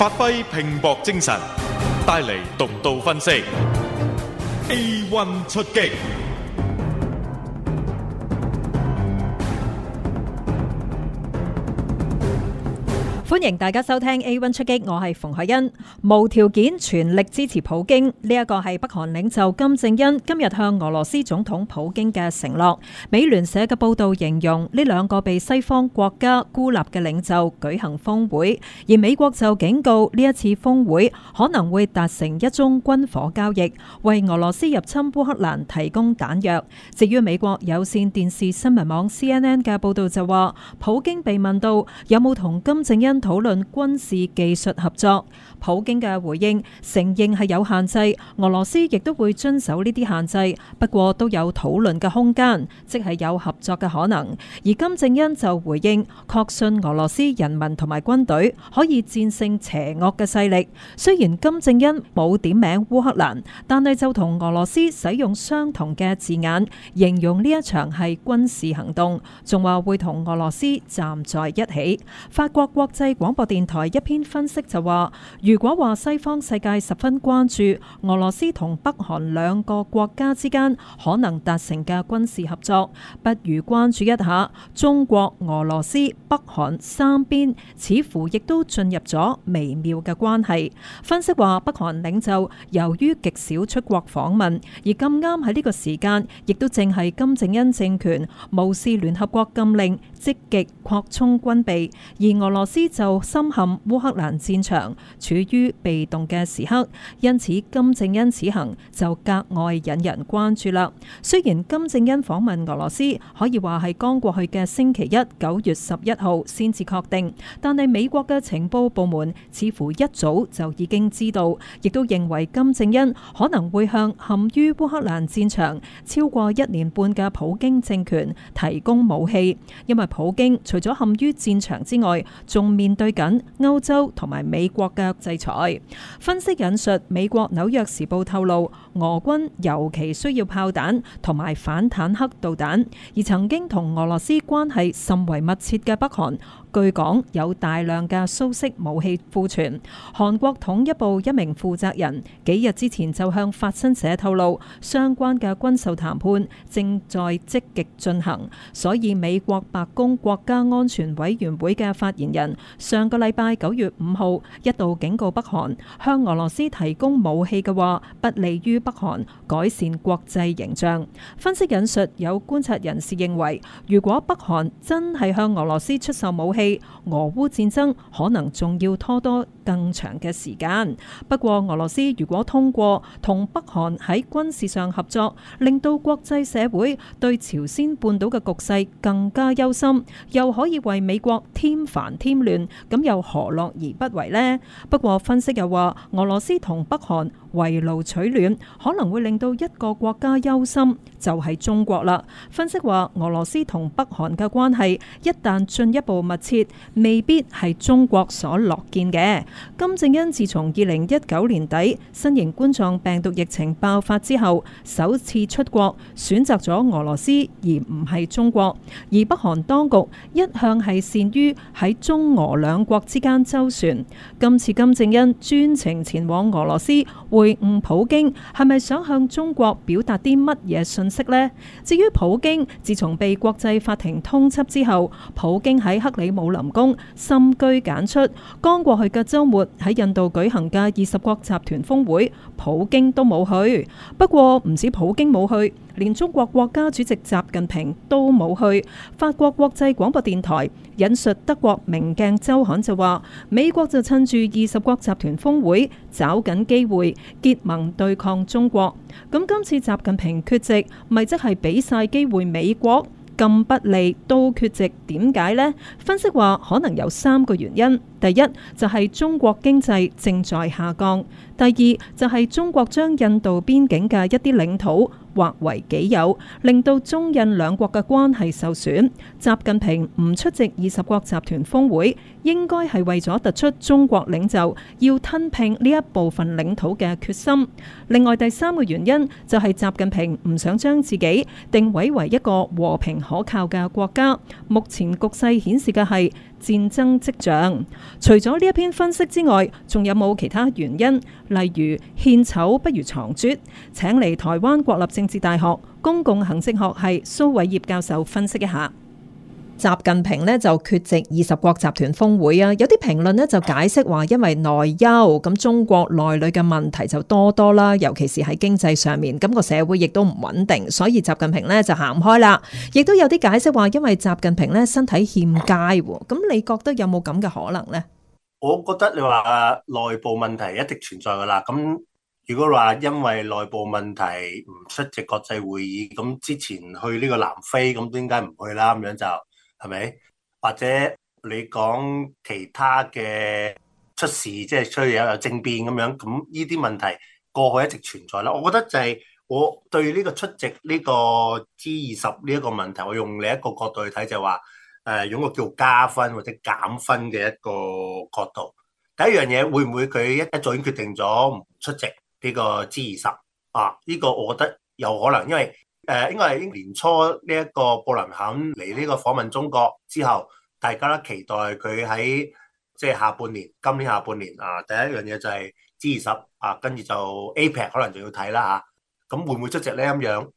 發揮拼搏精神，帶嚟獨到分析。A1 出擊。歡迎大家收聽 A1 出擊，我係馮海欣。無條件全力支持普京呢一個係北韓領袖金正恩今日向俄羅斯總統普京嘅承諾。美聯社嘅報道形容呢兩個被西方國家孤立嘅領袖舉行峰會，而美國就警告呢一次峰會可能會達成一宗軍火交易，為俄羅斯入侵烏克蘭提供彈藥。至於美國有線電視新聞網 CNN 嘅報道就話，普京被問到有冇同金正恩。討論軍事技術合作，普京嘅回應承認係有限制，俄羅斯亦都會遵守呢啲限制，不過都有討論嘅空間，即係有合作嘅可能。而金正恩就回應，確信俄羅斯人民同埋軍隊可以戰勝邪惡嘅勢力。雖然金正恩冇點名烏克蘭，但係就同俄羅斯使用相同嘅字眼，形容呢一場係軍事行動，仲話會同俄羅斯站在一起。法國國際。廣播電台一篇分析就話，如果話西方世界十分關注俄羅斯同北韓兩個國家之間可能達成嘅軍事合作，不如關注一下中國、俄羅斯、北韓三邊，似乎亦都進入咗微妙嘅關係。分析話，北韓領袖由於極少出國訪問，而咁啱喺呢個時間，亦都正係金正恩政權無視聯合國禁令，積極擴充軍備，而俄羅斯。就深陷烏克蘭戰場，處於被動嘅時刻，因此金正恩此行就格外引人關注啦。雖然金正恩訪問俄羅斯可以話係剛過去嘅星期一九月十一號先至確定，但係美國嘅情報部門似乎一早就已經知道，亦都認為金正恩可能會向陷於烏克蘭戰場超過一年半嘅普京政權提供武器，因為普京除咗陷於戰場之外，仲面對緊歐洲同埋美國嘅制裁，分析引述美國紐約時報透露，俄軍尤其需要炮彈同埋反坦克導彈，而曾經同俄羅斯關係甚為密切嘅北韓。據講有大量嘅蘇式武器庫存，韓國統一部一名負責人幾日之前就向法新社透露，相關嘅軍售談判正在積極進行。所以美國白宮國家安全委員會嘅發言人上個禮拜九月五號一度警告，北韓向俄羅斯提供武器嘅話，不利於北韓改善國際形象。分析引述有觀察人士認為，如果北韓真係向俄羅斯出售武器，俄烏戰爭可能仲要拖多。更長嘅時間。不過俄羅斯如果通過同北韓喺軍事上合作，令到國際社會對朝鮮半島嘅局勢更加憂心，又可以為美國添煩添亂，咁又何樂而不為呢？不過分析又話，俄羅斯同北韓圍爐取暖，可能會令到一個國家憂心，就係中國啦。分析話，俄羅斯同北韓嘅關係一旦進一步密切，未必係中國所樂見嘅。金正恩自從二零一九年底新型冠狀病毒疫情爆發之後，首次出國選擇咗俄羅斯而唔係中國，而北韓當局一向係善於喺中俄兩國之間周旋。今次金正恩專程前往俄羅斯會晤普京，係咪想向中國表達啲乜嘢信息呢？至於普京，自從被國際法庭通緝之後，普京喺克里姆林宮深居簡出，剛過去嘅週周末喺印度舉行嘅二十國集團峰會，普京都冇去。不過唔止普京冇去，連中國國家主席習近平都冇去。法國國際廣播電台引述德國明鏡周刊就話，美國就趁住二十國集團峰會找緊機會結盟對抗中國。咁今次習近平缺席，咪即係俾晒機會美國？咁不利都缺席，點解呢？分析話可能有三個原因，第一就係中國經濟正在下降，第二就係中國將印度邊境嘅一啲領土。劃為己有，令到中印兩國嘅關係受損。習近平唔出席二十國集團峰會，應該係為咗突出中國領袖要吞併呢一部分領土嘅決心。另外第三個原因就係習近平唔想將自己定位為一個和平可靠嘅國家。目前局勢顯示嘅係戰爭跡象。除咗呢一篇分析之外，仲有冇其他原因？例如獻醜不如藏拙？請嚟台灣國立政治大學公共行政學系蘇偉業教授分析一下。習近平咧就缺席二十國集團峰會啊，有啲評論咧就解釋話，因為內憂，咁中國內裏嘅問題就多多啦，尤其是喺經濟上面，咁個社會亦都唔穩定，所以習近平咧就行唔開啦。亦都有啲解釋話，因為習近平咧身體欠佳，咁你覺得有冇咁嘅可能呢？我覺得你話內部問題一直存在噶啦，咁如果話因為內部問題唔出席國際會議，咁之前去呢個南非，咁都應該唔去啦？咁樣就。係咪？或者你講其他嘅出事，即係出現有有政變咁樣，咁呢啲問題過去一直存在啦。我覺得就係我對呢個出席呢個 G 二十呢一個問題，我用另一個角度去睇，就話，誒用個叫加分或者減分嘅一個角度。第一樣嘢會唔會佢一一早已經決定咗唔出席呢個 G 二十？啊，呢個我覺得有可能，因為。誒，應該係年初呢一個布林肯嚟，呢個訪問中國之後，大家都期待佢喺即係下半年，今年下半年啊，第一樣嘢就係 G20 啊，跟住，就 APEC 可能仲要睇啦，吓，咁會唔會出席咧，咁樣？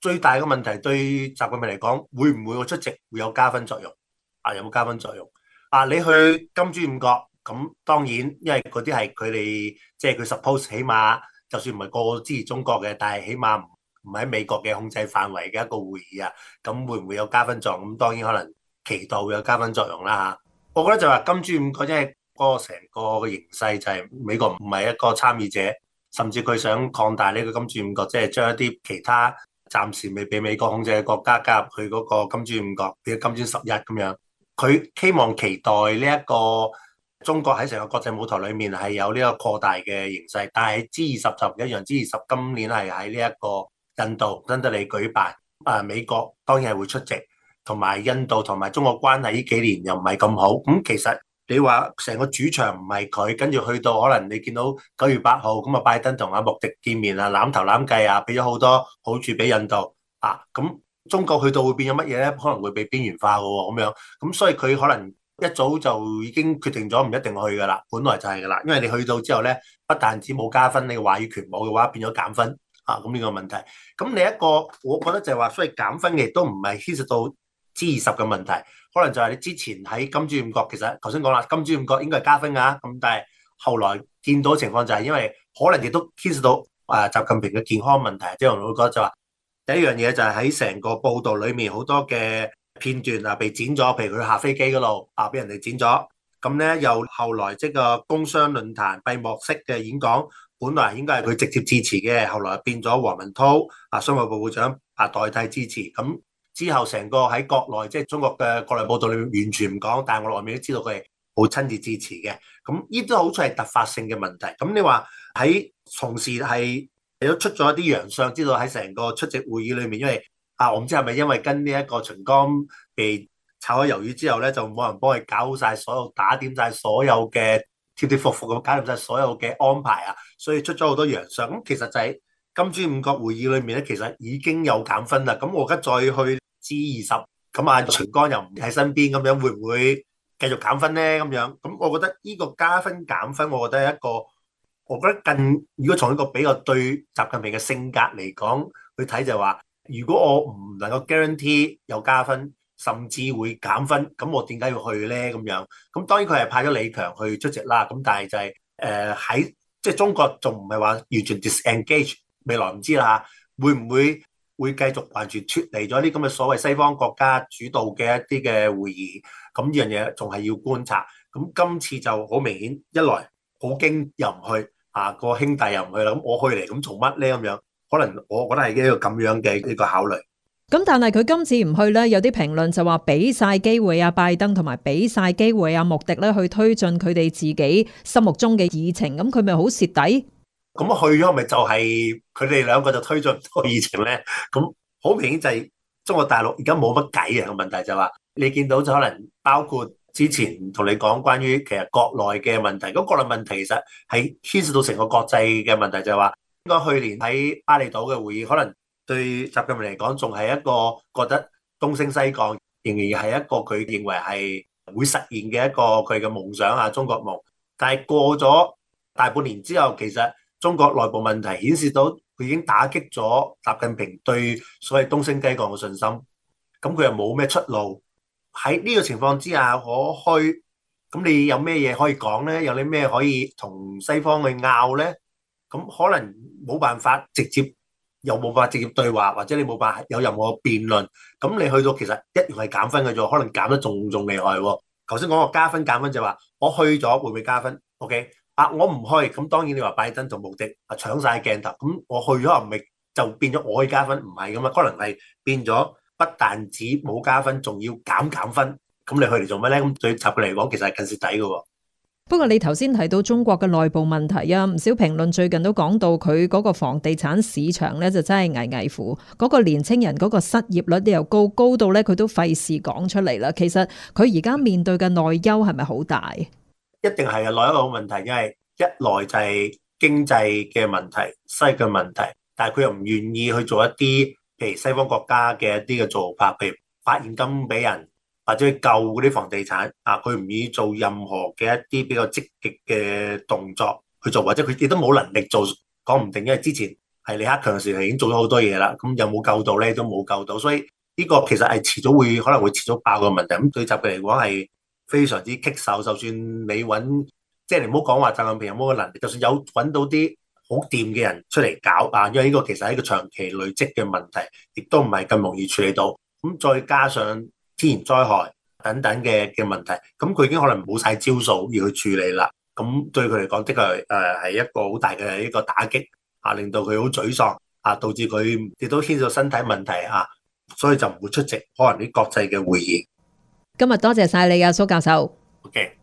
最大嘅問題，對習近平嚟講，會唔會出席會有加分作用？啊，有冇加分作用？啊，你去金磚五國，咁當然，因為嗰啲係佢哋，即係佢 suppose 起碼，就算唔係個個支持中國嘅，但係起碼唔。唔喺美國嘅控制範圍嘅一個會議啊，咁會唔會有加分作用？咁當然可能期待會有加分作用啦嚇。我覺得就話金磚五國即係嗰個成個形勢就係美國唔係一個參與者，甚至佢想擴大呢個金磚五國，即係將一啲其他暫時未被美國控制嘅國家加入佢嗰個金磚五國，比如金磚十一咁樣。佢希望期待呢一個中國喺成個國際舞台裏面係有呢個擴大嘅形勢，但係 G20 就唔一樣，G20 今年係喺呢一個印度新德里舉辦，啊美國當然係會出席，同埋印度同埋中國關係呢幾年又唔係咁好，咁、嗯、其實你話成個主場唔係佢，跟住去到可能你見到九月八號咁啊，拜登同阿莫迪見面啊，攬頭攬計啊，俾咗好多好處俾印度啊，咁中國去到會變咗乜嘢咧？可能會被邊緣化嘅喎、哦，咁樣，咁所以佢可能一早就已經決定咗唔一定去㗎喇，本來就係㗎喇，因為你去到之後咧，不但止冇加分，你嘅話語權冇嘅話，變咗減分。啊，咁、這、呢個問題，咁另一個，我覺得就係話，所謂減分嘅亦都唔係牽涉到 G20 嘅問題，可能就係你之前喺金磚五角，其實頭先講啦，金磚五角應該係加分啊。咁但係後來見到情況就係因為可能亦都牽涉到啊習近平嘅健康問題，即係我會覺得就話、是、第一樣嘢就係喺成個報導裡面好多嘅片段啊被剪咗，譬如佢下飛機嗰度啊俾人哋剪咗，咁咧又後來即個工商論壇閉幕式嘅演講。本來應該係佢直接支持嘅，後來變咗黃文濤啊，商務部部長啊代替支持。咁之後成個喺國內即係中國嘅國內報道裏面完全唔講，但係我外面都知道佢係好親自支持嘅。咁呢啲好似係突發性嘅問題。咁你話喺從事係都出咗一啲洋相，知道喺成個出席會議裏面，因為啊，我唔知係咪因為跟呢一個秦剛被炒咗魷魚之後咧，就冇人幫佢搞好曬所有打點晒所有嘅。跌跌伏伏咁解唔晒所有嘅安排啊，所以出咗好多洋相。咁，其實就係金磚五國會議裏面咧，其實已經有減分啦。咁我而家再去 G20，咁啊，秦剛又唔喺身邊，咁樣會唔會繼續減分咧？咁樣咁，我覺得呢個加分減分，我覺得係一個，我覺得更如果從一個比較對習近平嘅性格嚟講去睇，就係話如果我唔能夠 guarantee 有加分。甚至會減分，咁我點解要去咧？咁樣，咁當然佢係派咗李強去出席啦。咁但係就係誒喺即係中國仲唔係話完全 disengage？未來唔知啦，會唔會會繼續完全脫離咗呢啲咁嘅所謂西方國家主導嘅一啲嘅會議？咁呢樣嘢仲係要觀察。咁今次就好明顯，一來普京又唔去，啊個兄弟又唔去啦，咁我去嚟咁做乜咧？咁樣可能我覺得係一個咁樣嘅一個考慮。咁但係佢今次唔去咧，有啲評論就話俾晒機會啊拜登同埋俾晒機會啊穆迪咧去推進佢哋自己心目中嘅議程，咁佢咪好蝕底？咁去咗咪就係佢哋兩個就推進個議程咧？咁好明顯就係中國大陸而家冇乜計嘅問題就話，你見到就可能包括之前同你講關於其實國內嘅問題，嗰國內問題其實係牽涉到成個國際嘅問題就，就係話應該去年喺巴厘島嘅會議可能。對習近平嚟講，仲係一個覺得東升西降，仍然係一個佢認為係會實現嘅一個佢嘅夢想啊，中國夢。但係過咗大半年之後，其實中國內部問題顯示到佢已經打擊咗習近平對所謂東升西降嘅信心。咁佢又冇咩出路。喺呢個情況之下，我去咁你有咩嘢可以講呢？有啲咩可以同西方去拗呢？咁可能冇辦法直接。又冇辦法直接對話，或者你冇辦法有任何辯論，咁你去到其實一樣係減分嘅啫，可能減得重重厲害，哦。頭先講個加分減分就係話，我去咗會唔會加分？O、okay? K，啊，我唔去，咁當然你話拜登做目的，啊，搶晒鏡頭。咁我去咗又唔係，就變咗我可以加分，唔係咁啊，可能係變咗不但止冇加分，仲要減減分。咁你去嚟做咩咧？咁對集嘅嚟講，其實係近蝕底嘅。不過你頭先提到中國嘅內部問題啊，唔少評論最近都講到佢嗰個房地產市場咧就真係危危乎，嗰個年青人嗰個失業率又高高到咧佢都費事講出嚟啦。其實佢而家面對嘅內憂係咪好大？一定係啊，內憂問題因為一嚟就係經濟嘅問題、西嘅問題，但係佢又唔願意去做一啲譬如西方國家嘅一啲嘅做法，譬如發現金俾人。或者救嗰啲房地產啊，佢唔願意做任何嘅一啲比較積極嘅動作去做，或者佢亦都冇能力做，講唔定，因為之前係李克強時期已經做咗好多嘢啦。咁有冇救到咧？都冇救到，所以呢個其實係遲早會可能會遲早爆個問題。咁對集體嚟講係非常之棘手。就算你揾，即係你唔好講話習近平有冇個能力，就算有揾到啲好掂嘅人出嚟搞啊，因為呢個其實係一個長期累積嘅問題，亦都唔係咁容易處理到。咁再加上，天然災害等等嘅嘅問題，咁佢已經可能冇曬招數要去處理啦。咁對佢嚟講，的確誒係一個好大嘅一個打擊啊，令到佢好沮喪啊，導致佢亦都牽涉身體問題啊，所以就唔會出席可能啲國際嘅會議。今日多謝曬你啊，蘇教授。OK。